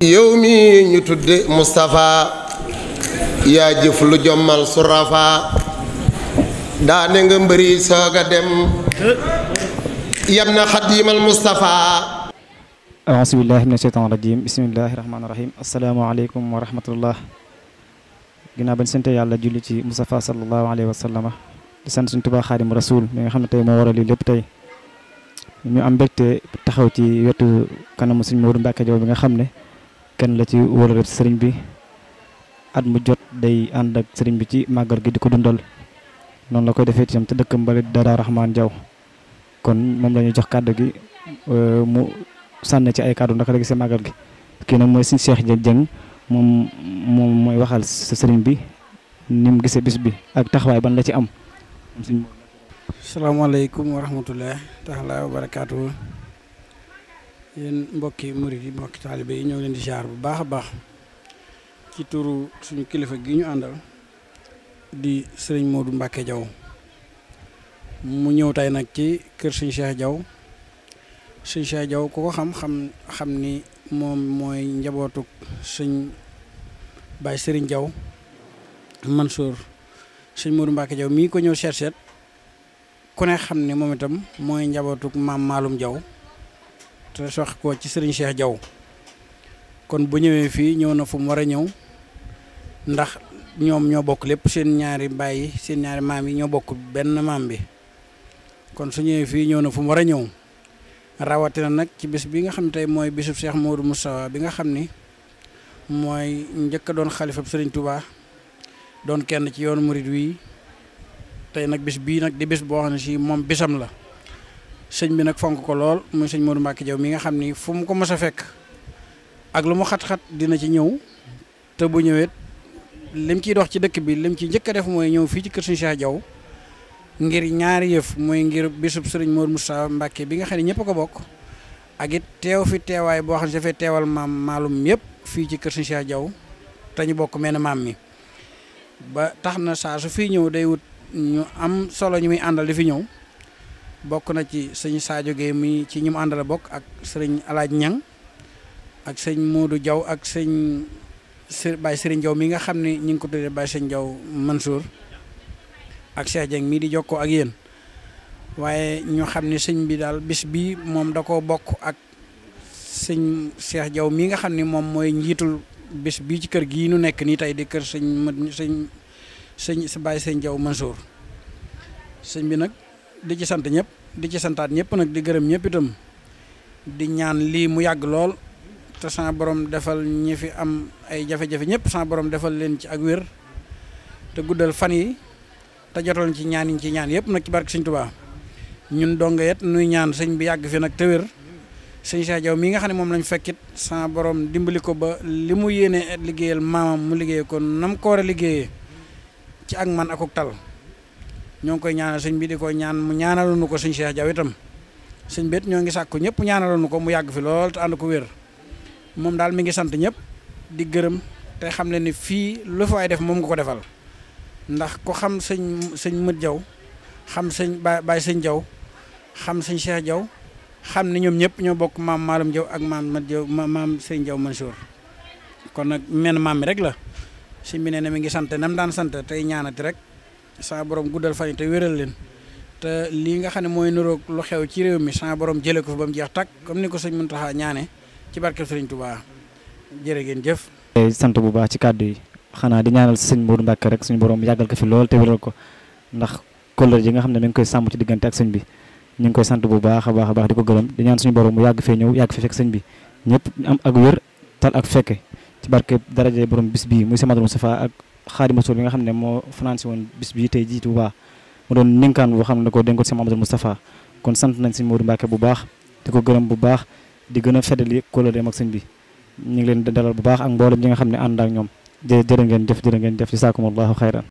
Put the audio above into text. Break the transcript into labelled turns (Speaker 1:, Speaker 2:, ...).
Speaker 1: yow mi ñu tudde Moustapha yaa jëf lu jommal surafa daane nga mbëri soog a dem
Speaker 2: yam na xadimal Moustapha aousubillahi mina sheytan rajim bismillahi rahmaani rahim asalaamaaleykum wa rahmatullah ginnaaw bañ sante yàlla julli ci Moustapha sallallahu alayhi wa sallama di sant suñ tubaa xaadim rasul mi nga xam ne tey moo waral lii lépp tey ñu am mbégte taxaw ci wetu kanamu suñ Moodu Mbàkke Jaw bi nga xam ne kenn la ci wóolare sëriñ bi at mu jot day and ak sëriñ bi ci màggal gi di dundal non la koy defé ci am te dëkk mbalit Dara Rahman jaw kon mom lañu jox kàddu gi euh, mu sànne ci ay kàddu ndax rek ci màggal gi ki nak moy suñu Cheikh jeng nim mom moy waxal sa sëriñ bi nim mu bis bi ak taxawaay ban la ci am.
Speaker 1: alaykum wa rahmatulah taala wa barakatuh yen mbokki mouride yi mbokki talibé yi ñoo leen di ziar bu baax baax ci turu suñu kilifa gi ñu andal di serigne Modou Mbacke Diaw mu ñew tay nak ci keur serigne Cheikh Diaw serigne Cheikh Diaw ko ko xam xam xam ni mom moy njabootuk serigne bay Serigne Diaw Mansour serigne Modou Mbacke Diaw mi ko ñew seet ku ne xam ni moom itam mooy njabootuk maam malum Diaw. te sox ko ci sëriñ Cheikh Diaw kon bu ñëwee fii ñëw na fu mu war a ñëw ndax ñoom ñoo bokk lépp seen ñaari baay seen ñaari maam yi ñoo bokk benn maam bi kon su ñëwee fii ñëw na fu mu war a ñëw rawatina nag ci bis bii nga xam ne tey mooy bisub Cheikh Modou Moustapha bi nga xam ni mooy njëkk a doon xalifab sëriñ Touba doon kenn ci yoonu murid wi tey nag bis bii nag di bis boo xam ne si moom bisam la sëñ bi nak fonk ko lol moy sëñ Modou Mbacke Diaw mi nga xamni ni fu mu ko mos a fekk ak lu mu xat-xat dina ci ñew te bu ñëwee lim ci dox ci dëkk bi lim ci jëk def moy ñew fi ci kër sëñ Cheikh Diaw ngir ñaar yëf moy ngir bisub sëriñ Modou Moustapha Mbacke bi nga xamni ñepp ko bok ak it teew fi teway bo xamni jafé teewal maam malum yëpp fi ci kër sëñ Cheikh Diaw te ñu bokk mam mi ba taxna na su fi ñew day wut ñu am solo ñu muy andal di fi ñew bokk na ci sëñ saajo Gueye mi ci ñi mu bokk ak sëriñ Alaaj ñan ak sëñ muudu Diaw ak sëñ Baye Serigne Diaw mi nga xam ne ñu ngi ko tuddee Baye Serigne Diaw Mansour ak Cheikh Dieng mii di jokkoo ak yéen waaye ñu xam ne sëñ bi daal bis bii moom da koo bokk ak sëñ Cheikh mii nga xam ni moom mooy njiitul bis bii ci kër gii nu nekk nii tey di kër sëñ sëñ sëñ Baye Serigne Diaw Mansour sëñ bi nag. di ci sant ñëpp di ci santaat ñëpp nag di gërëm ñëpp itam di ñaan lii mu yàgg lool te sa borom defal ñi fi am ay jafe-jafe ñëpp sa borom defal leen ci ak wér te guddal fan yi te jotoon ci ñaan yi ci ñaan yëpp nag ci barke Sëñ Tuubaa ñun donga yet nuy ñaan sëñ bi yàgg fi nag te wér sëñ Cheikh Diaw mii nga xam ne moom lañu fekkit sa boroom dimbali ko ba li mu yéene liggéeyal maamam mu liggéey ko nam ko a liggéeyee ci ak man akuk tal ñoo ngi koy ñaanal sëñ bi di ko ñaan mu ñaanaloon nu ko sëñ Cheikh Diaw itam sëñ bét ñoo ngi sàkku ñëpp ñaanaloon nu ko mu yàgg fi lool te ànd ko wér moom daal mi ngi sant ñëpp di gërëm te xam le ni fii lu fa waay def moom nga ko defal ndax ko xam sëñ sëñ Mët jaw xam sëñ Baye sëñ Diaw xam sëñ Cheikh xam ni ñoom ñëpp ñoo bokk maam Maalum Diaw ak maam Mët Diaw maam sëñ Diaw Mansour kon nag men maam mi rek la sëñ bi nee na mi ngi sant nam daan sant tey ñaanati rek sa borom guddal fan te wëral leen te li nga xamne moy nuro lu xew ci rew mi sa borom jëlee ko fi ba jeex tak comme ni ko sëñ Muntaxa ñaane ci barkeb sëriñ touba jërë ngeen jëf.
Speaker 2: sant bu baax ci kàddu yi xana di ñaanal sëñ Modou Mbacke rek suñu borom yagal ko fi lool te wëral ko ndax kóllëre yi nga xamne mi ngi koy sam ci digënté ak sëñ bi ñu ngi koy sant bu baax baax baax diko ko di ñaan suñu borom mu yàgg fee ñew yàgg fi fek sëñ bi ñepp am ak wër tal ak fekke ci barke daraje borom bis bii muy sama doom Safa ak ma Rasuul bi nga xam ne moo financé woon bis bii tey jii Tuubaa mu doon ninkaan boo xam ne da koo dénkoon si Mamadou Moustapha kon sant nañ si Modou Mbacke bu baax di ko gërëm bu baax di gën a feddali kóllëreem ak sëñ bi ñu ngi leen dalal bu baax ak mboolem ñi nga xam ne ànd ak ñoom jërë ngeen jëf jërë ngeen jëf jazaakumullahu xayran